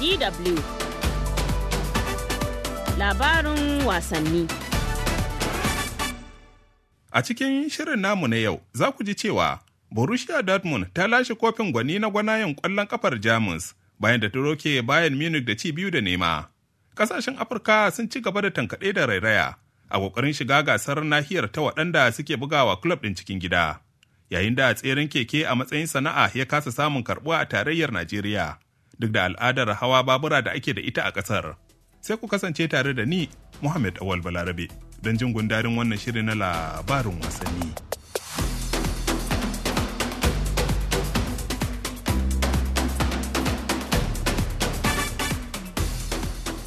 DW Labarin wasanni A cikin shirin namu na yau za ku ji cewa Borussia Dortmund ta lashe kofin gwani na gwanayen ƙwallon kafar Jamus bayan da ta roke bayan Munich da ci biyu da nema. Kasashen Afirka sun ci gaba da tankaɗe da rairaya a ƙoƙarin shiga gasar nahiyar ta waɗanda suke bugawa club ɗin cikin gida. Yayin da tseren keke a matsayin sana'a ya kasa samun karɓuwa a tarayyar Najeriya. duk da al'adar hawa babura da ake da ita a ƙasar. Sai ku kasance tare da ni Muhammad Awal Balarabe don jin gundarin wannan shiri na labarin wasanni.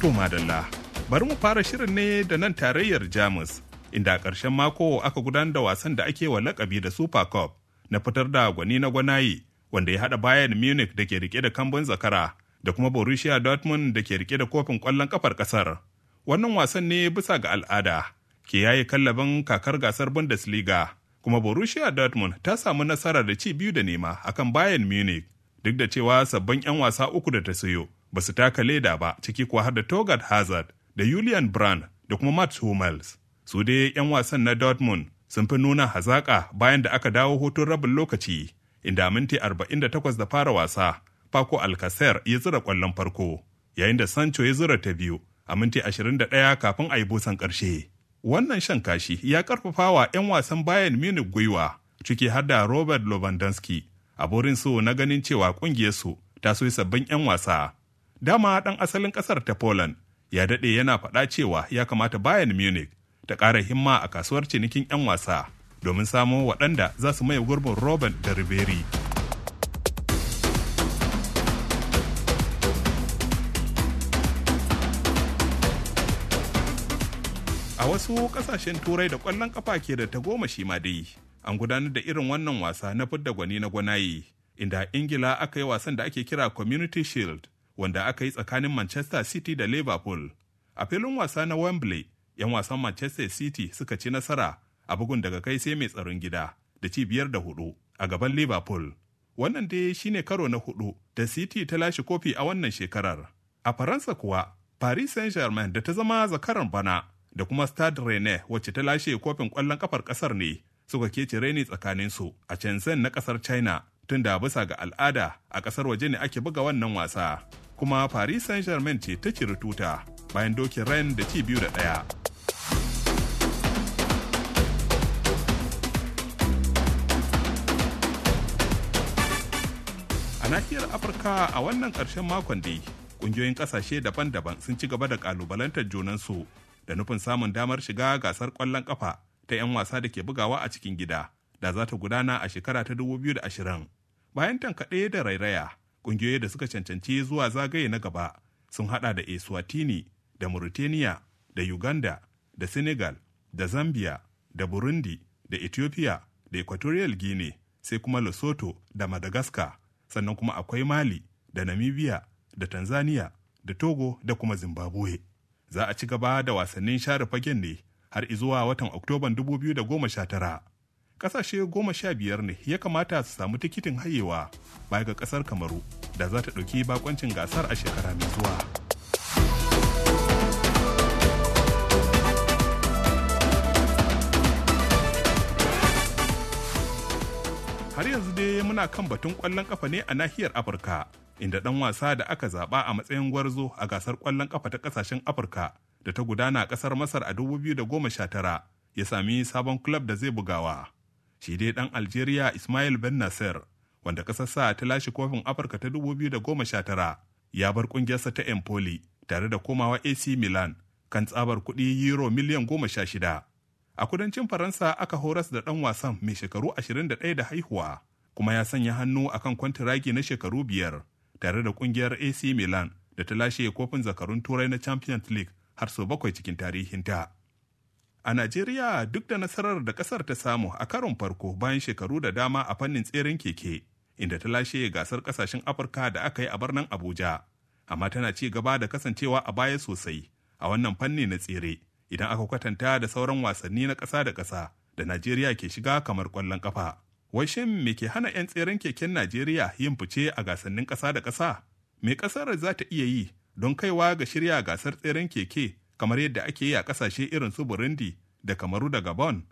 To madalla, bari mu fara shirin ne da nan tarayyar Jamus, inda a ƙarshen mako aka gudanar da wasan da ake wa lakabi da Super Cup na fitar da gwani na gwanaye wanda ya haɗa Bayern Munich da ke rike da kambun zakara da kuma Borussia Dortmund da ke rike da kofin ƙwallon ƙafar ƙasar. Wannan wasan ne bisa ga al'ada ke yayi kallabin kakar gasar Bundesliga kuma Borussia Dortmund ta samu nasara da ci biyu da nema akan Bayern Munich duk da cewa sabbin 'yan wasa uku da ta sayo ba su taka leda ba ciki kuwa har da Togard Hazard da Julian Brand da kuma Mats Hummels. Su dai 'yan wasan na Dortmund sun fi nuna hazaƙa bayan da aka dawo hoton rabin lokaci inda minti 48 da fara wasa Paco Alcacer ya zura kwallon farko yayin da Sancho ya zura ta biyu a minti 21 kafin a yi busan ƙarshe. Wannan shan kashi ya ƙarfafa wa 'yan wasan Bayern Munich gwiwa ciki har da Robert Lewandowski a burin su na ganin cewa ƙungiyarsu ta so sabbin 'yan wasa. Dama ɗan asalin ƙasar ta Poland ya daɗe yana faɗa cewa ya kamata Bayern Munich ta ƙara himma a kasuwar cinikin 'yan wasa. domin samo waɗanda za su maye gurbin Robin da Riveri. A wasu ƙasashen turai da ƙwallon ƙafa ke da tagomashi ma dai, an gudanar da irin wannan wasa na fidda gwani na gwanaye, inda Ingila aka yi wasan da ake kira Community Shield, wanda aka yi tsakanin Manchester City da Liverpool. A filin wasa na Wembley, 'yan wasan Manchester City suka ci nasara a bugun daga kai sai mai tsaron gida da ci biyar da hudu a gaban liverpool wannan dai shine karo na hudu da city ta lashe kofi a wannan shekarar a faransa kuwa paris saint-germain da ta zama zakaran bana da kuma stade rene wacce ta lashe kofin kwallon kafar kasar ne suka ke kece reni tsakaninsu a shenzhen na kasar china tun da bisa ga al'ada a kasar waje ne ake buga wannan wasa kuma paris saint-germain ce ta ciri tuta bayan dokin ren da ci biyu da ɗaya. a nahiyar afirka a wannan ƙarshen makon dai ƙungiyoyin ƙasashe daban-daban sun ci gaba da ƙalubalantar junansu da nufin samun damar shiga gasar ƙwallon ƙafa ta 'yan wasa da ke bugawa a cikin gida da za ta gudana a shekara ta dubu biyu da ashirin. bayan tankaɗe da rairaya ƙungiyoyi da suka cancanci zuwa zagaye na gaba sun haɗa da eswatini da mauritania da uganda da senegal da zambia da burundi da ethiopia da equatorial guinea sai kuma lesotho da madagascar sannan kuma akwai mali da namibia da tanzania da togo da kuma zimbabwe za a ci gaba da wasannin share fagen ne har izuwa watan oktoban 2019 kasashe goma sha biyar ne ya kamata su samu tikitin hayewa baya ga ƙasar kamaru da za ta ɗauki bakoncin gasar a shekara mai zuwa. har yanzu dai muna kan batun kwallon kafa ne a nahiyar afirka inda dan wasa da aka zaba a matsayin gwarzo a gasar kwallon kafa ta kasashen afirka da ta gudana a kasar masar a 2019 ya sami sabon club da zai bugawa shi dai dan algeria ismail ben nasser wanda sa ta lashe kofin afirka ta 2019 ya bar kungiyarsa ta empoli tare da komawa ac milan kan tsabar kuɗi euro miliyan goma sha shida a kudancin faransa aka horas da ɗan wasan mai shekaru 21 da haihuwa kuma ya sanya hannu a kan kwantiragi na shekaru biyar tare da kungiyar ac milan da ta lashe kofin zakarun turai na champions league har sau bakwai cikin tarihinta a najeriya duk da nasarar da kasar ta samu a karon farko bayan shekaru da dama a fannin tseren keke inda ta lashe gasar kasashen afirka da aka yi a birnin abuja amma tana ci gaba da kasancewa a baya sosai a wannan fanni na tsere idan aka kwatanta da sauran wasanni na ƙasa da ƙasa da Najeriya ke shiga kamar ƙwallon ƙafa. Washin me ke hana 'yan tseren keken Najeriya yin fice a gasannin ƙasa da ƙasa? Me ƙasar za ta iya yi don kaiwa ga shirya gasar tseren keke kamar yadda ake yi a ƙasashe irin su Burundi da Kamaru da Gabon?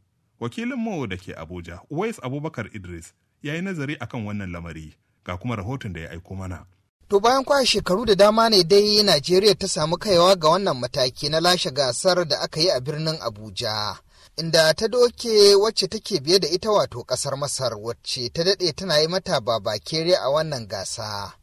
Wakilinmu da ke Abuja, Uwais Abubakar Idris, ya yi nazari akan wannan lamari, ga kuma rahoton da ya aiko mana. To bayan kwa shekaru da dama ne dai Najeriya ta samu kaiwa ga wannan mataki na lashe gasar da aka yi a birnin Abuja. Inda ta doke wacce take biye da ita wato ƙasar Masar wacce ta daɗe tana yi mata ba a wannan gasa.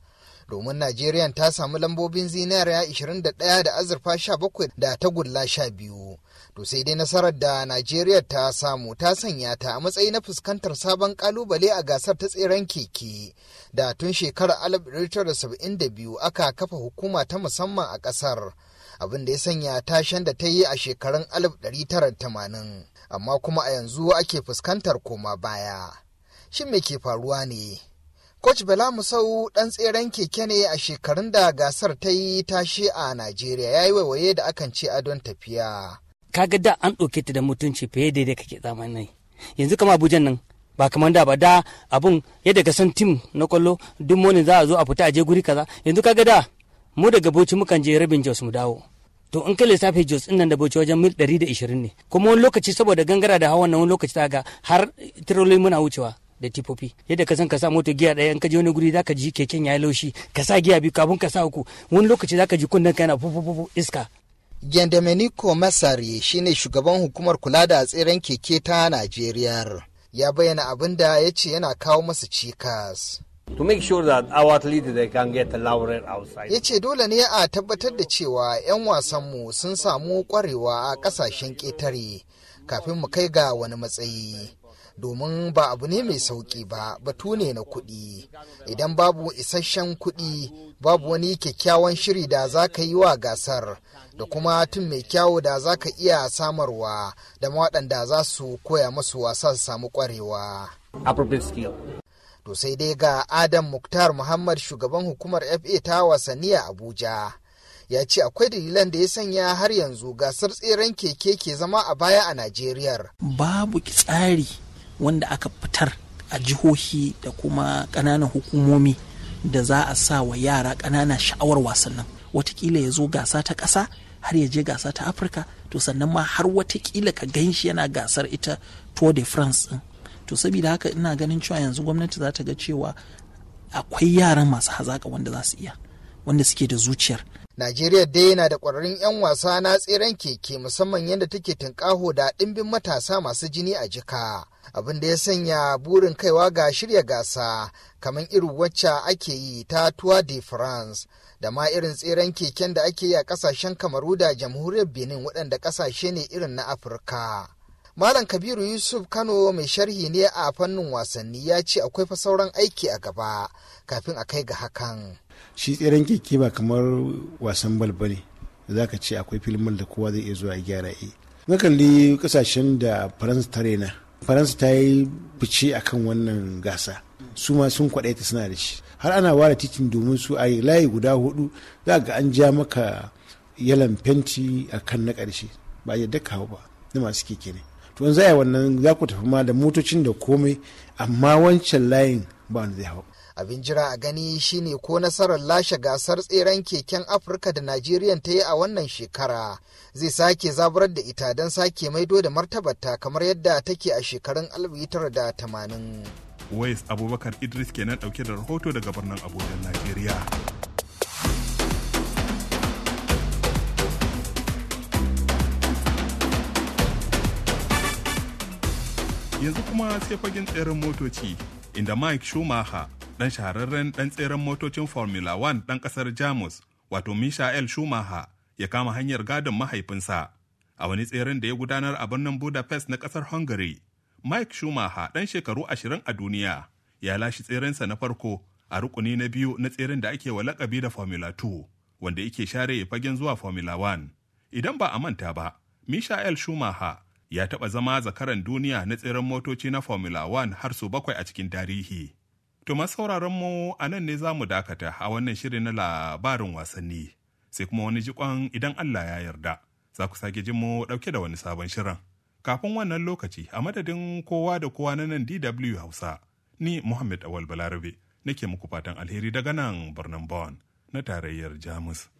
Domin Najeriya ta samu lambobin zinariya 21 da azurfa 17 da tagulla 12. to sai dai nasarar da najeriya ta samu ta sanya ta a matsayi na fuskantar sabon kalubale a gasar ta tseren keke da tun shekarar 1972 aka kafa hukuma ta musamman a kasar abin da ya sanya tashen da ta yi a shekarun 1980 amma kuma a yanzu ake fuskantar koma baya shin me ke faruwa ne Coach Bala Musau ɗan tseren keke ne a shekarun da gasar ta yi tashe a Najeriya ya yi waiwaye da akan ce adon tafiya. Ka ga da an ɗauke ta da mutunci fiye da yadda kake zamani yanzu kama abujan nan ba kamar da ba da abun yadda ka san tim na kwallo duk monin za a zo a fita a je guri kaza yanzu ka ga da mu daga bauchi mukan je rabin jos mu dawo to in ka lissafi jos din nan da bauchi wajen mil 120 ne kuma wani lokaci saboda gangara da hawan na wani lokaci ta ga har tiroli muna wucewa da tifofi yadda ka san ka sa moto giya ɗaya in ka je wani guri zaka ji keken yayi laushi ka sa giya biyu kafin ka sa uku wani lokaci zaka ji kunnen ka yana fufufufu iska Gendemeniko Masari shine shugaban hukumar kula da tseren keke ta Najeriya. Ya bayyana abin da ya ce yana kawo masu cikas. to make sure that our Yace dole ne a tabbatar da cewa 'yan wasanmu sun samu kwarewa a kasashen ƙetare kafin mu kai ga wani matsayi. domin ba abu ne mai sauƙi ba batu ne na kuɗi idan babu isasshen kuɗi babu wani kyakkyawan shiri da za ka yi wa gasar da kuma tun mai kyawu da za ka iya samarwa da waɗanda za su koya masu wasa su samu ƙwarewa to sai dai ga adam muktar muhammad shugaban hukumar fa ta wasanni a abuja ya ce akwai dalilan da ya sanya har yanzu gasar tseren keke ke zama a baya a Najeriya. Babu tsari wanda aka fitar a jihohi da kuma ƙananan hukumomi da za a sa wa yara ƙanana sha'awar wasannin watakila ya zo gasa ta ƙasa har ya je gasa ta afirka to sannan ma har watakila ka gan shi yana gasar ita tour de france din to saboda haka ina ganin cewa yanzu gwamnati za ta ga cewa akwai yaran masu hazaƙa wanda za su iya wanda suke da zuciyar Najeriya dai yana da ƙwararrun 'yan wasa na tseren keke musamman yadda take tunƙaho da ɗimbin matasa masu jini a jika. Abin da ya sanya burin kaiwa ga shirya gasa kamar irin wacce ake yi ta Tour de France da ma irin tseren keken da ake yi a ƙasashen Kamaru da jamhuriyar Benin waɗanda ƙasashe ne irin na Afirka. Malam Kabiru Yusuf Kano mai sharhi ne a fannin wasanni ya ce akwai fa sauran aiki a gaba kafin a kai ga hakan. shi tseren keke ba kamar wasan bal bane za ka ce akwai filin da kowa zai iya zuwa a gyara yi eh. na kalli kasashen da faransa ta rena faransa ta yi fice kan wannan gasa su ma sun kwaɗaita ta suna da shi har ana ware titin domin su a layi guda hudu za ga an ja maka yalan fenti a kan na ƙarshe ba ya daka ba na masu keke ne to in za a wannan za ku tafi ma da motocin da komai amma wancan layin ba wani zai hau abin jira a gani shine ko nasarar lashe gasar tseren keken afirka da najeriya ta yi a wannan shekara zai sake zaburar da ita don sake maido da martabarta kamar yadda take a shekarun 1980 wais abubakar idris kenan dauke da rahoto daga birnin abuja najeriya yanzu kuma sai fagen tseren motoci inda mike schumacher dan shahararren dan tseren motocin Formula 1 dan kasar Jamus, wato Michael Schumacher, ya kama hanyar gadon mahaifinsa. A wani tseren da ya gudanar a birnin Budapest na kasar Hungary, Mike Schumacher dan shekaru ashirin a duniya ya lashe tserensa na farko a rukuni na biyu na tseren da ake wa lakabi da Formula 2, wanda yake share ya fagen zuwa Formula 1. Idan ba a manta ba, Michael Schumacher ya taɓa zama zakaran duniya na tseren motoci na Formula 1 har su bakwai a cikin tarihi. To sauraron mu a nan ne za mu dakata a wannan shirin na labarin wasanni sai kuma wani jikon idan Allah ya yarda za ku sake jin mu dauke da wani sabon shirin. Kafin wannan lokaci a madadin kowa da kowa na nan DW Hausa ni Muhammad Awal Balarabe nake muku fatan alheri daga nan birnin Bonn na tarayyar Jamus.